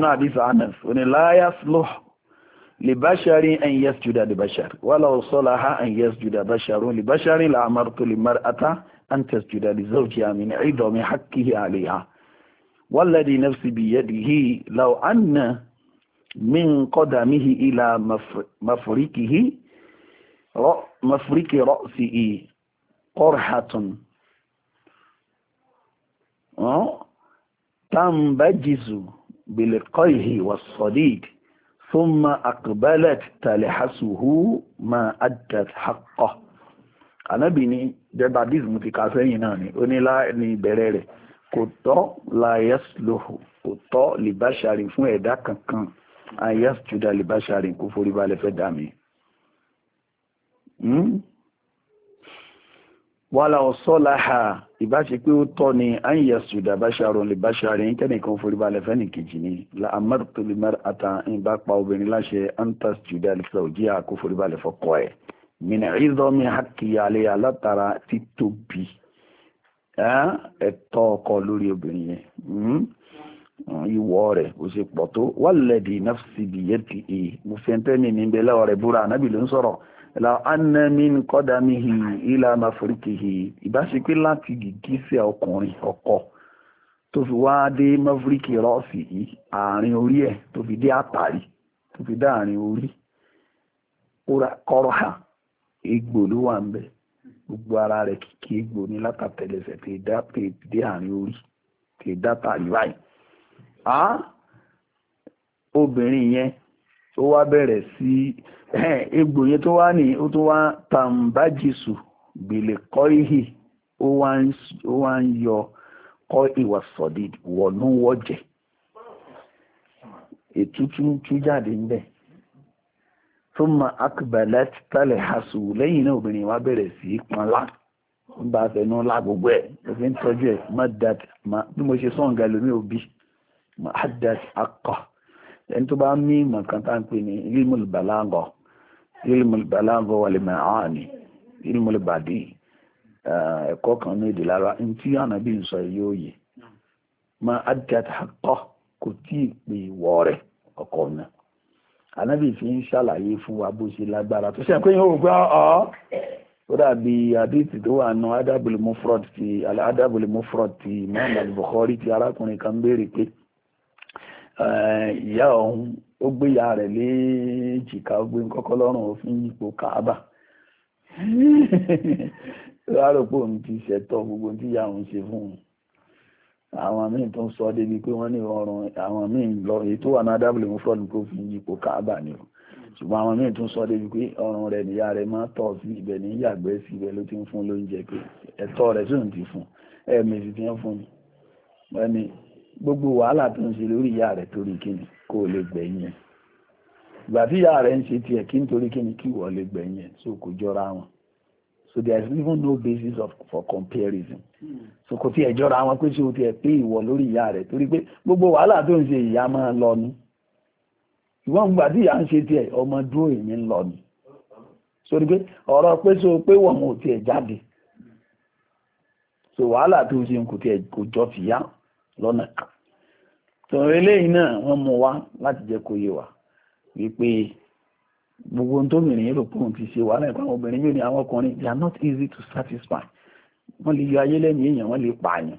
náà àdísà anas òní láyásílò lè bá ṣarí ẹn yẹs juda lè bá ṣarí wàlá òsọ́lá ha ẹn yẹs juda bá ṣarún lè bá ṣarí làmàr tó lè mar ata an tẹs juda lè zọ́ọ̀jì àmì ní ìdọ̀mí hakkihi àlèyà wàlẹ́dì nafsi bi yẹ́dìhì láwọ̀ anna min kọ́dàmíhi ilà mafurikihi mafuriki rọ́ọ̀sì qurhatun tambajizu بالقيه والصديد ثم أقبلت تلحسه ما أدت حقه Ànábì ní jẹba dísmù ti kà sẹ́yìn náà ni ó ní láàrin ìbẹ̀rẹ̀ rẹ̀ kò tọ́ láyẹ́sìlòhù kò tọ́ lìbáṣàrí fún ẹ̀dá kankan ayẹ́sìtúdà lìbáṣàrí kò forí balẹ̀ fẹ́ dà mí. wàhálà ọ̀sọ́ làhà ìbáṣe pé ó tọ́ ni àyìn yẹ sùdà báṣarò lè báṣarò yín kẹ́nìkan foríbalẹ̀ fẹ́ni kejì ni la amadu tolimar ata ń bá pa obìnrin láṣẹ antas juda alisa òjì àkó foríbalẹ̀ fọkọ ẹ̀ mina ìzọmi hakiya látara títóbi ẹ̀tọ́ ọkọ lórí obìnrin yẹn hmm? ìwọ rẹ̀ ó ṣe pọ̀ tó wàlẹ́dì nafsi bìyẹ́tì mo fẹ́ tẹ́ni níbẹ̀ láwọ̀ rẹ̀ búra ànábì ló ń sọ̀rọ̀ la anna min qadamihi ila mafrikihi ìbáṣepé láti gìgísẹ̀ ọkùnrin ọkọ tó fi wá dé mafriki rọ́ọ̀sì yìí àárín orí ẹ̀ tó fi dé àtàrí tó fi dé àárín orí kọ́rọ̀hà egbò ló wà ń bẹ̀ gbogbo ara rẹ̀ kìkì egbò ní látàtẹ̀lẹsẹ̀ tè dá tè dé àárín orí tè dá tàrí báyìí obìnrin yẹn ó wá bẹ̀rẹ̀ sí egbò yẹn tó wá ní ó tó wá tàǹbájìsù gbèlè kọ́ ihì ó wá ń yọ kọ́ ìwà sọ̀dí wọ̀nú wọ̀jẹ̀ ètútù ń tú jáde ń bẹ̀ thumma akbalat talhasu lẹ́yìn náà obìnrin wa bẹ̀rẹ̀ sí pọnlá ń bá fẹnu ńlá gbogbo ẹ̀ ló fi ń tọ́jú ẹ̀ mọ́ dat bí mo ṣe sọ̀ǹgà lómi òbí mọ́ dat akọ̀. ẹni tó bá ní ìmọ̀ kan tá ń pè ní ilmul balagha ilmul balagha wal ma'ani ilmul badi eh, ẹ̀kọ́ kan ní èdè lára ní tí ànábì ń sọ yóò yè ma adjad haqqo kò tí ì pè wọ rẹ̀ ọkọ̀ náà ànábì fi ń ṣàlàyé fún wa bó ṣe lágbára tó ṣe pé yóò gbá ọ́ ah, ah. ó dàbí àdìsí tó wà nù adábùlì ti adábùlì ti imam al ti arákùnrin kan béèrè pé Eh, ìyá ọ̀hún ó gbéyà rẹ̀ léjìká ó gbé kọ́kọ́ lọ́rùn ó fi yípo kàábà ráròpò ń ti ṣẹ̀tọ́ gbogbo tí ìyá òun ṣe fún un àwọn míì tó ń sọ débi pé wọ́n ní ọrùn àwọn míì lọ èyí tó wà náà dábìlì mú fọ́ọ̀nù kó fi yípo kàábà ni o ṣùgbọ́n àwọn míì tún sọ débi pé ọrùn rẹ̀ níyà rẹ̀ máa tọ̀ sí ibẹ̀ ní yàgbẹ́ sí ibẹ̀ ló ti ń fún lóúnjẹ pé ẹ̀tọ́ rẹ̀ sì ń ti fún ẹ̀ẹ̀mẹ̀sì ti ń fún ni gbogbo wàhálà tó ń ṣe lórí ìyá rẹ̀ torí kíni kó o lè gbẹ̀yìn ẹ̀ ìgbà tí ìyá rẹ̀ ń ṣe tiẹ̀ kí nítorí kíni kí ìwọ lè gbẹ̀yìn so kò jọra wọn so there is even no basis of for comparison so kò tiẹ̀ jọra wọn pé ṣé o tiẹ̀ pé ìwọ lórí ìyá rẹ̀ torí pé gbogbo wàhálà tó ń ṣe ìyá máa lọ ni ìwọ́n gbà tí ìyá ń ṣe tiẹ̀ ọmọ dúró èmi ń lọ ni sórí pé ọ̀rọ̀ pé so pé wọ́n ò tiẹ̀ jáde so wàhálà tó ń ṣe kò tiẹ̀ kò jọ tìyá lọ́nà kan tọ̀rọ eléyìí náà wọ́n mú wá láti jẹ́ kó yé wa wípé gbogbo tóbìnrin yìí rò pé òun ti ṣe wàhálà ìpá àwọn obìnrin yóò ní àwọn ọkùnrin they are not easy to satisfy wọ́n lè yọ ayé lẹ́nu èèyàn wọ́n lè pààyàn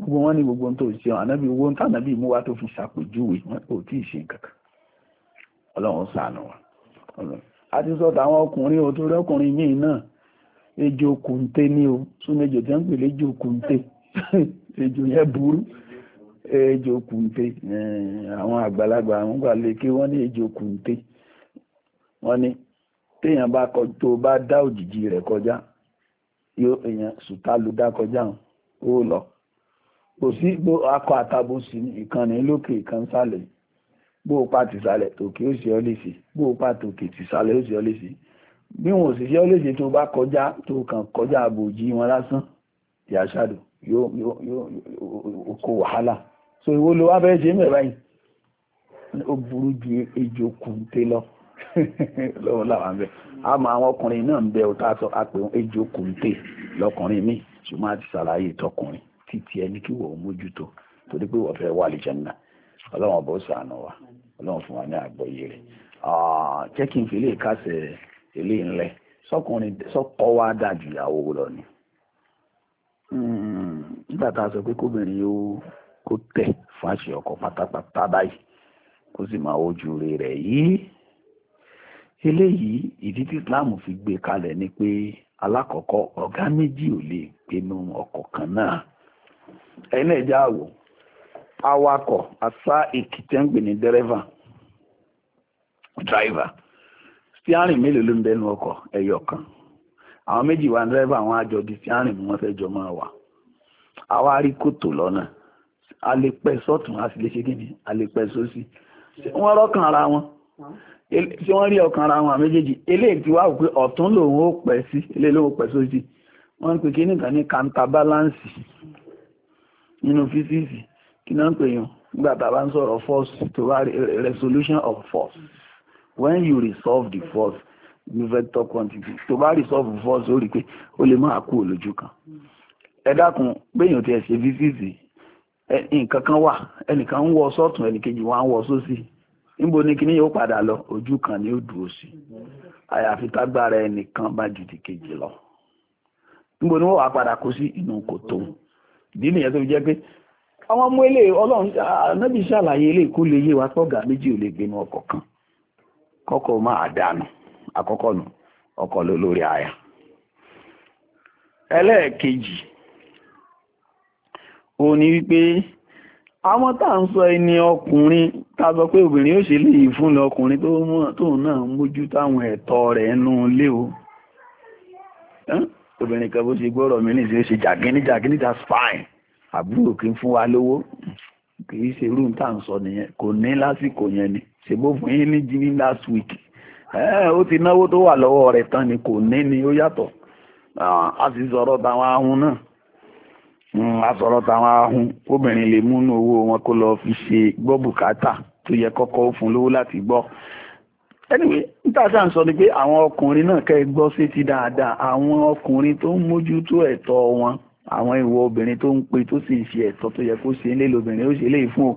gbogbo wọn ní gbogbo tó ṣe wọn ànábì owó tànàbì mú wá tó fi ṣàpèjúwe wọn ò tí ì ṣe nǹkan ọlọ́run ṣàánú wa a ti sọ tàwọn ọkùnrin ò tó rẹ́kùnrin míì náà ejò kùnté ní o súnmẹ́jọ tí wọ́n ń pè léjò kùnté [LAUGHS] ejò yẹn burú ejò kùnté eh, àwọn àgbàlagbà àwọn gbà lè ké wọ́n ní ejò kùnté wọ́n ní téèyàn bá kọ tó bá dá òjìji rẹ̀ kọjá yóò èèyàn sùtá ló dá kọjá ó lọ kò sí bó akọ àtàbò sí ìkànnì lókè ìkan sálẹ̀ bó o pa tìsàlẹ̀ tòkè ó sì ọ́ lè sí bó o pa tòkè tìsàlẹ̀ ó sì ọ́ lè sí bí wọn ò sì ṣe ọ́ lè ṣe tó bá kọjá tó kàn kọjá àbòjì wọn lásán ìyá ṣáàdùn yóò kó wàhálà so ìwọ ló wá bẹ́ẹ̀ ṣe mẹ́rẹ̀ báyìí ó burú ju ejò kùnté lọ [LAUGHS] lọ́wọ́ làwọn bẹ́ẹ̀ àmọ́ àwọn ọkùnrin náà ń bẹ ọ tá a sọ apẹ̀ ejò kùnté lọkùnrin míì ṣùgbọ́n a ti ṣàlàyé ìtọkùnrin títí ẹni kí wọ́n mójútó torí pé wọ́n fẹ́ wà lè jẹun náà ọlọ́run ọba ó ṣàánú wa ọlọ́run fún wa ní àgbọ́yé rẹ̀ jẹ́ kí n fi ilé ìkásẹ̀ ilé ńlẹ̀ sọkọ wa dájú ìyàwó lọ ni. Hmm. nígbà tá a sọ pé kóbìnrin yóò kó tẹ̀ fáṣẹ ọkọ pátápátá báyìí kó sì máa re rẹ̀ yìí eléyìí ìdí tí Islam fi gbé kalẹ ni pé alákọ̀ọ́kọ́ ọ̀gá méjì ò lè pinnu kan náà ẹni ẹ̀já àwò awakọ̀ asá ìkìtẹ́ǹgbè ní dẹ́rẹ́fà dráìvà stiarin mélòó ló ń bẹ́nu ọkọ̀ ẹyọ kan àwọn méjì wà dẹ́rẹ́fà di stiarin àwa rí kòtò lọ́nà a lè pẹ́ sọ́tún a sì lè ṣe kíni a lè pẹ́ sósì wọ́n rọ́kàn ara wọn tí wọ́n rí ọkàn ara wọn méjèèjì eléyìí ti wá wò pé ọ̀tún lòun ó pẹ́ sí eléyìí lòun ó pẹ́ sósì wọ́n ń pè kíní kan ní counterbalance nínú físíìsì kí náà ń pè yàn nígbà tá a bá ń sọ̀rọ̀ force to resolution of force when you resolve the force you vector quantity tó bá resolve force ó rí i pé ó lè máa kú òlójú kan. ẹ̀dàkùn dákun gbẹ̀yìn tí ẹ wà ẹnìkan ń wọ sọ́tún ẹnìkejì wọn á wọ ni yóò padà lọ ojú kan ni ó dúró sí àyàfi tágbára ẹnìkan bá ju kejì lọ níbo ni wà padà kó sí inú kòtò ìdí nìyẹn tó fi pé àwọn ọmọ ilé yé wa méjì ò lè gbénu ọkọ̀ ó ní wípé àwọn tá à ń sọ ẹni ọkùnrin tá a sọ pé obìnrin ó ṣe lè yìí fún lọkùnrin tó mọ̀ tóun náà mójú táwọn ẹ̀tọ́ rẹ̀ nú ilé o obìnrin kan bó ṣe gbọ́rọ̀ mí nìyí ó ṣe jàgínní jàgínní that's fine àbúrò kí n fún wa lówó kì í ṣe irú tá à ń sọ nìyẹn kò ní lásìkò yẹn ni ṣe ṣèbó fún yín ní jíní last week ó ti náwó tó wà lọ́wọ́ rẹ̀ tán ni kò ní ni ó yàtọ̀ a sì sọ̀rọ̀ táwọn ahun náà Hmm, asọ̀rọ̀ táwọn ahun obìnrin lè múnú owó wọn kó lọ fi ṣe gbọ́ bùkátà tó yẹ kọ́kọ́ fún lówó láti gbọ́ anyway níta tá à ń sọ ni pé àwọn ọkùnrin náà kẹ́ ẹ gbọ́ sétí dáadáa àwọn ọkùnrin tó ń mójútó ẹ̀tọ́ wọn àwọn ìwọ obìnrin tó ń pe tó sì ń ṣe ẹ̀tọ́ tó yẹ kó ṣe nílé lóbìnrin ó ṣe léyìí fún o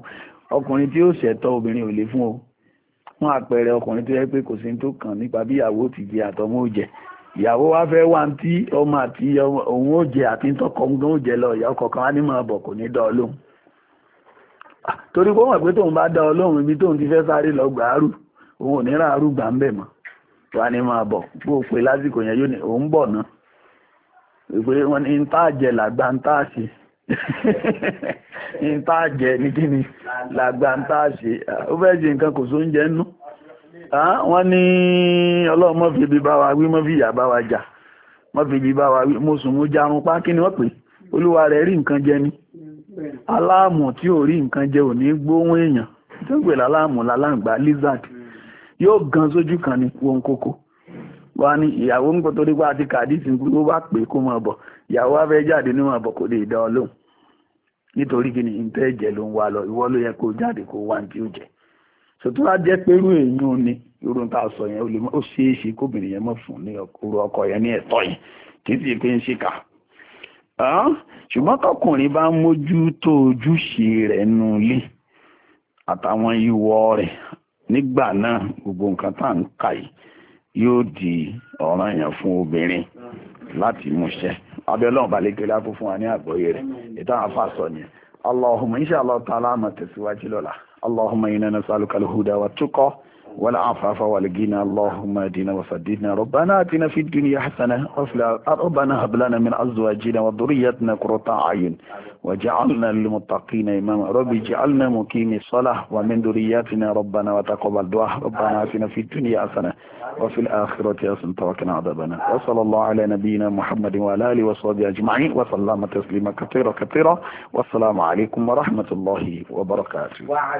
ọkùnrin tí ó ṣẹ̀tọ́ obìnrin ò lè fún o fún àpẹẹrẹ ọkùnrin tó yẹ pé kò sí tó kàn nípa bí ti jẹ àtọmọ ò ìyàwó wa fẹ́ wá tí ọmọ àti òun ó jẹ àti tọkọ ń gán ó jẹ lọ ìyá ọkọ kan á ní máa bọ̀ kò ní dá ọ lóhùn ah, torí pé wọ́n pé tóun bá dá ọ lóhùn ibi tóun ti fẹ́ sáré lọ gbàárù òun ò ní ra àrù gbà ń bẹ̀ mọ́ wá ní máa bọ̀ bó o pé lásìkò yẹn yóò ní òun bọ̀ náà ìpè wọn ní tá àjẹ làgbà ń tá àṣe [LAUGHS] ní tá àjẹ ní kíni làgbà ń tá àṣe ah, ó fẹ́ ṣe nǹkan kò sóúnjẹ nú. No? wọ́n ní ọlọ́run mọ́ fi ibi bá wa wí mọ́ fi ìyà bá wa jà mọ́ fi ibi bá wa wí mọ́ sùn mo jarun pa kí ni wọ́n pè rí nǹkan jẹ ni aláàmù tí ò rí nǹkan jẹ ò ní gbóhùn èèyàn tó ń lizard yóò gan sójú kan ní wọn kókó ní ìyàwó ń pọ̀ torí àti pé bá bọ̀ ìyàwó wa fẹ́ jáde ní máa bọ̀ kó lè dá ọ sọtú wá jẹ́ pé irú èèyàn ni irú tá a sọ yẹn ó ṣeé ṣe kóbìnrin yẹn mọ̀ fún ní ọkùnrin ọkọ yẹn ní ẹ̀tọ́ yẹn kì í sì pé ń ṣe kà ṣùgbọ́n tọkùnrin bá mójútó ojúṣe nù lé gbogbo nǹkan tá à ń kà yìí yóò di ọ̀ràn yẹn fún obìnrin láti múṣẹ abẹ́lọ́n wa ní ìtàn yẹn allah ta'ala mọ̀ tẹ̀síwájú lọ́la. اللهم إنا نسألك الهدى والتقى والعفاف والغنى اللهم أدنا وسددنا ربنا اتنا في الدنيا حسنه وفي ربنا هب لنا من ازواجنا وذريتنا قرة اعين وجعلنا للمتقين اماما ربي جعلنا مقيم الصلاه ومن ذرياتنا ربنا وتقبل دعاء ربنا اتنا في الدنيا حسنه وفي الاخره حسنه وقنا عذابنا وصلى الله على نبينا محمد وعلى اله وصحبه اجمعين وسلم تسليما كثيرا كثيرا والسلام عليكم ورحمه الله وبركاته